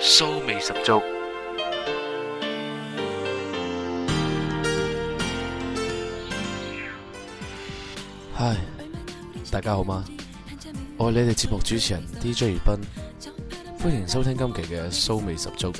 騷味十足 Hi, 大家好嗎?我係你哋節目主持人 DJ 斌歡迎收聽今期嘅騷味十足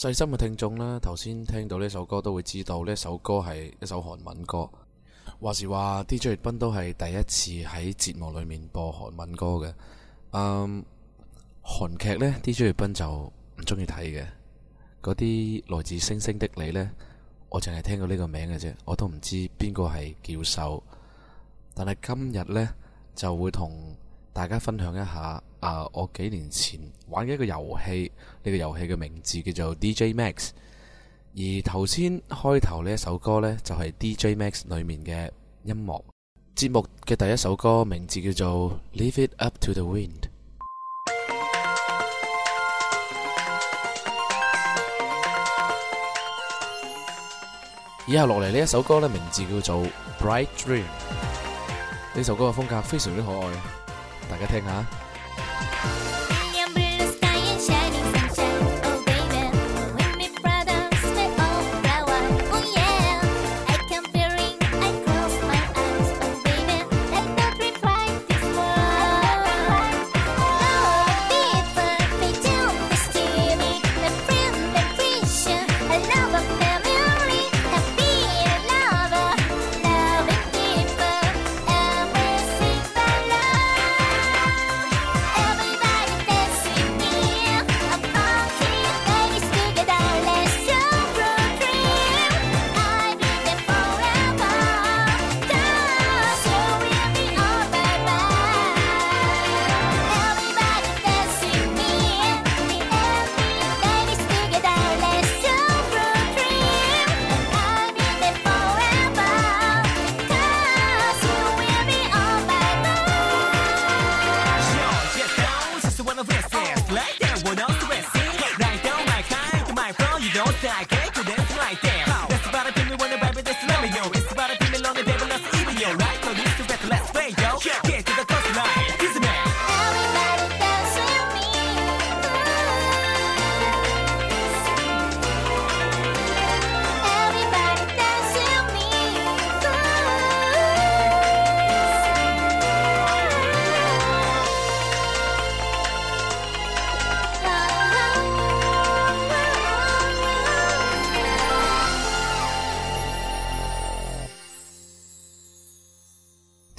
細心嘅聽眾啦，頭先聽到呢首歌都會知道呢首歌係一首韓文歌。話時話，DJ 月斌都係第一次喺節目裏面播韓文歌嘅。嗯，韓劇呢，DJ 月斌就唔中意睇嘅。嗰啲來自星星的你呢，我淨係聽到呢個名嘅啫，我都唔知邊個係教授。但係今日呢，就會同。大家分享一下啊、呃，我幾年前玩嘅一個遊戲，呢，這個遊戲嘅名字叫做 DJ Max。而頭先開頭呢一首歌呢，就係、是、DJ Max 裏面嘅音樂節目嘅第一首歌，名字叫做 Leave It Up To The Wind。以後下落嚟呢一首歌呢，名字叫做 Bright Dream。呢首歌嘅風格非常之可愛。大家聽下。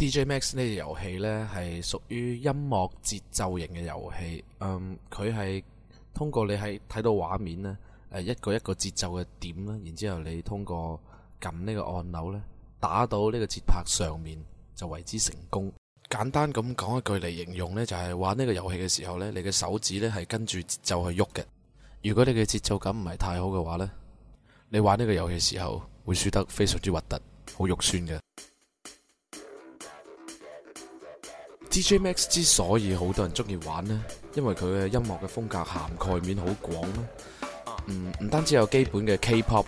DJMax 呢隻遊戲呢，係屬於音樂節奏型嘅遊戲，嗯，佢係通過你喺睇到畫面呢，誒，一個一個節奏嘅點啦，然之後你通過撳呢個按鈕呢，打到呢個節拍上面就為之成功。簡單咁講一句嚟形容，呢就係玩呢個遊戲嘅時候呢，你嘅手指呢係跟住節奏去喐嘅。如果你嘅節奏感唔係太好嘅話呢，你玩呢個遊戲嘅時候會輸得非常之核突，好肉酸嘅。DJ Max 之所以好多人中意玩咧，因為佢嘅音樂嘅風格涵蓋面好廣啦。唔唔單止有基本嘅 K-pop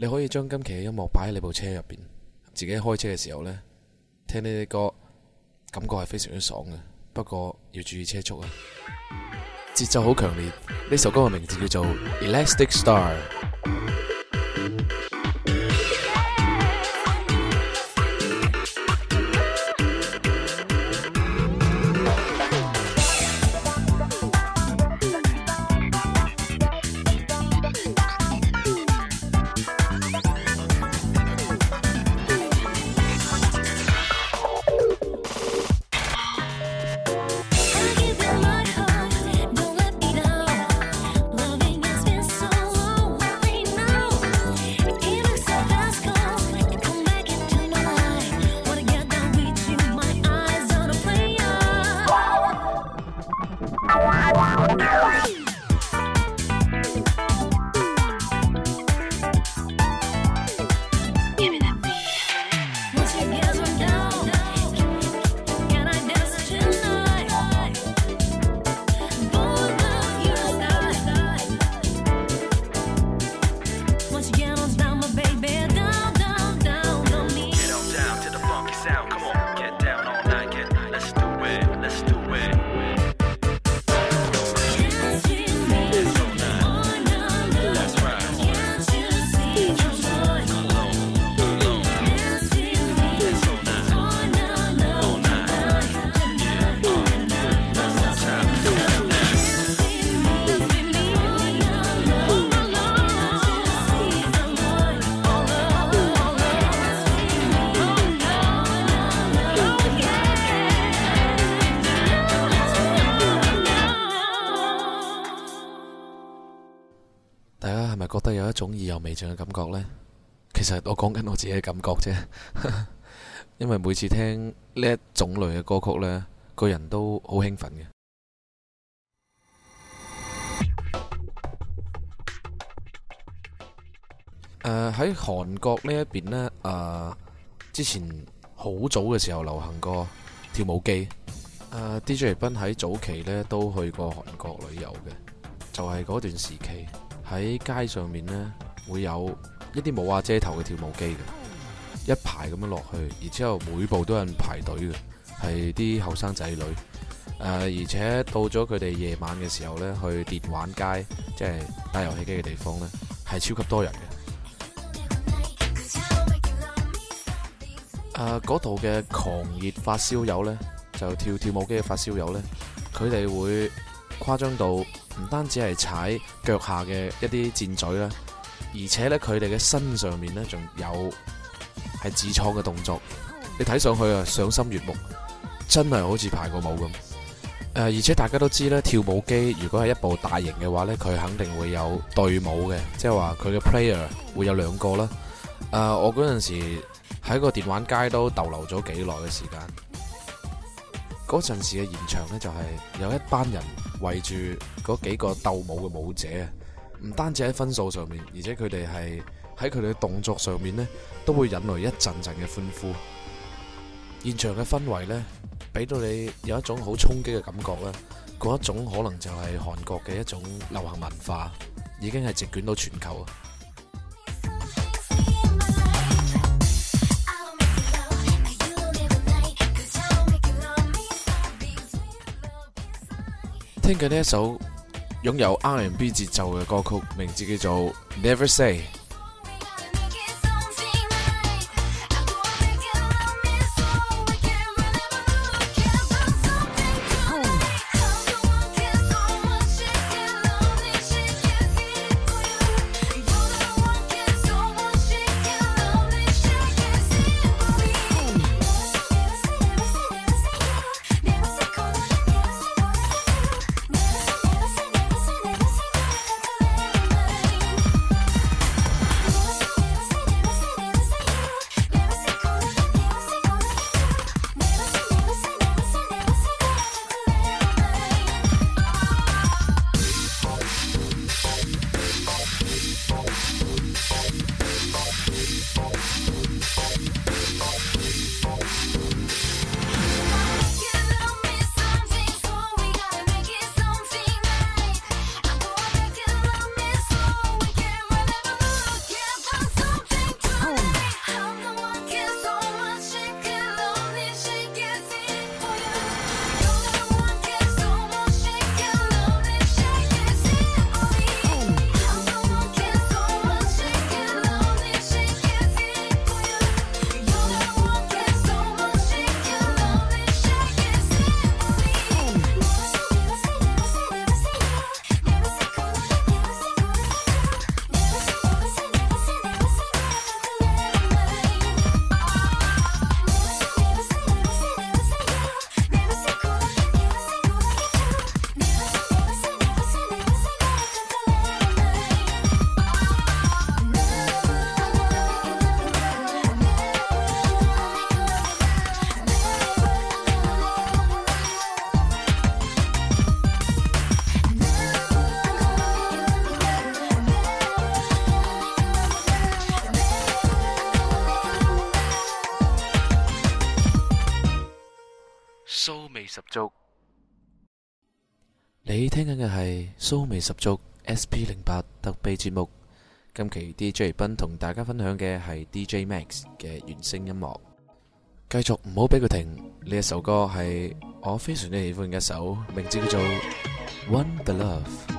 你可以將今期嘅音樂擺喺你部車入邊，自己開車嘅時候呢，聽呢啲歌，感覺係非常之爽嘅。不過要注意車速啊，節奏好強烈。呢首歌嘅名字叫做《Elastic Star》。其實我講緊我自己嘅感覺啫， 因為每次聽呢一種類嘅歌曲，呢個人都好興奮嘅。誒、uh, 喺韓國呢一邊呢，誒、uh, 之前好早嘅時候流行過跳舞機。Uh, DJ 黎斌喺早期呢都去過韓國旅遊嘅，就係、是、嗰段時期喺街上面呢，會有。一啲冇啊遮頭嘅跳舞機嘅，一排咁樣落去，然之後每步都有排隊人排隊嘅，係啲後生仔女。誒，而且到咗佢哋夜晚嘅時候咧，去電玩街，即係打遊戲機嘅地方咧，係超級多人嘅。誒，嗰度嘅狂熱發燒友咧，就跳跳舞機嘅發燒友咧，佢哋會誇張到唔單止係踩腳下嘅一啲箭嘴啦。而且咧，佢哋嘅身上面咧，仲有係自創嘅動作，你睇上去啊，賞心悅目，真係好似排過舞咁。誒、呃，而且大家都知啦，跳舞機如果係一部大型嘅話咧，佢肯定會有對舞嘅，即係話佢嘅 player 會有兩個啦。誒、呃，我嗰陣時喺個電玩街都逗留咗幾耐嘅時間，嗰陣時嘅現場呢，就係、是、有一班人圍住嗰幾個鬥舞嘅舞者。唔單止喺分數上面，而且佢哋係喺佢哋嘅動作上面咧，都會引來一陣陣嘅歡呼。現場嘅氛圍咧，俾到你有一種好衝擊嘅感覺啦。嗰一種可能就係韓國嘅一種流行文化，已經係席捲到全球。聽緊呢一首。擁有 R&B 節奏嘅歌曲，名字叫做 Never Say。你聽緊嘅係蘇味十足 S P 零八特備節目，今期 D J 斌同大家分享嘅係 D J Max 嘅原聲音樂，繼續唔好俾佢停，呢一首歌係我非常之喜歡嘅一首，名字叫做 One the Love。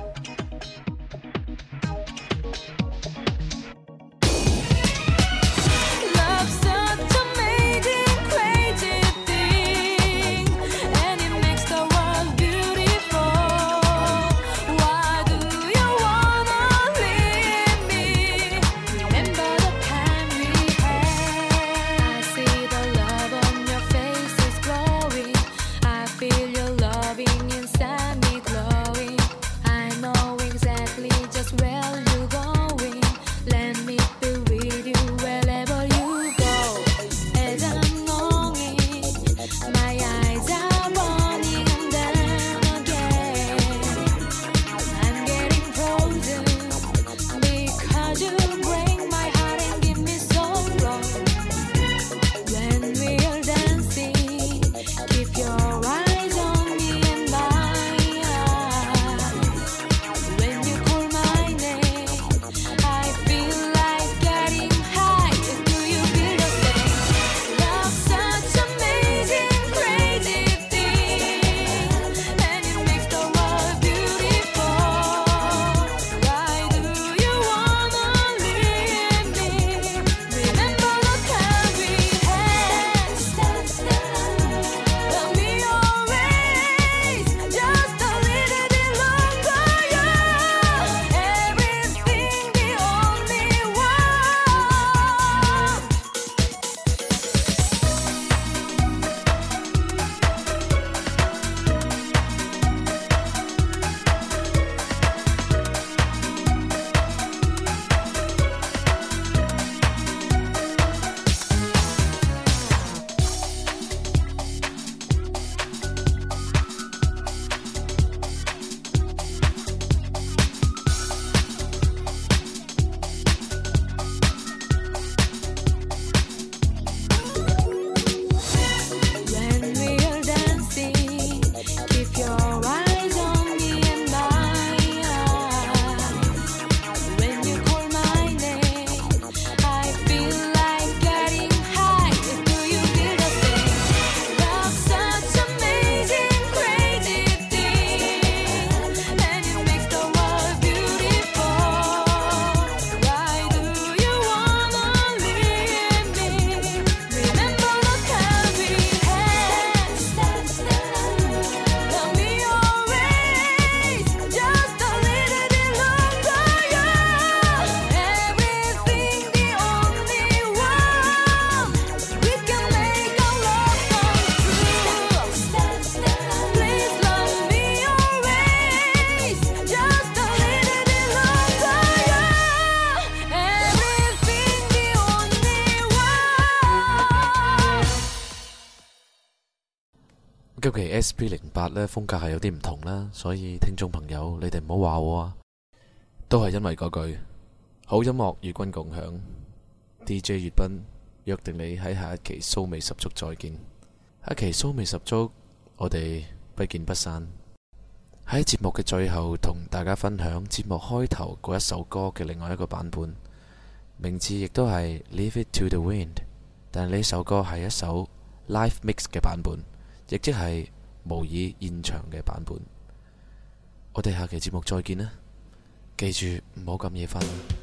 V 零八呢風格係有啲唔同啦，所以聽眾朋友你哋唔好話我啊，都係因為嗰句好音樂與君共享。DJ 月斌約定你喺下一期騷味十足再見，下一期騷味十足我哋不見不散。喺節目嘅最後同大家分享節目開頭嗰一首歌嘅另外一個版本，名字亦都係 Leave It To The Wind，但呢首歌係一首 Live Mix 嘅版本，亦即係。模擬現場嘅版本，我哋下期節目再見啦。記住唔好咁夜瞓。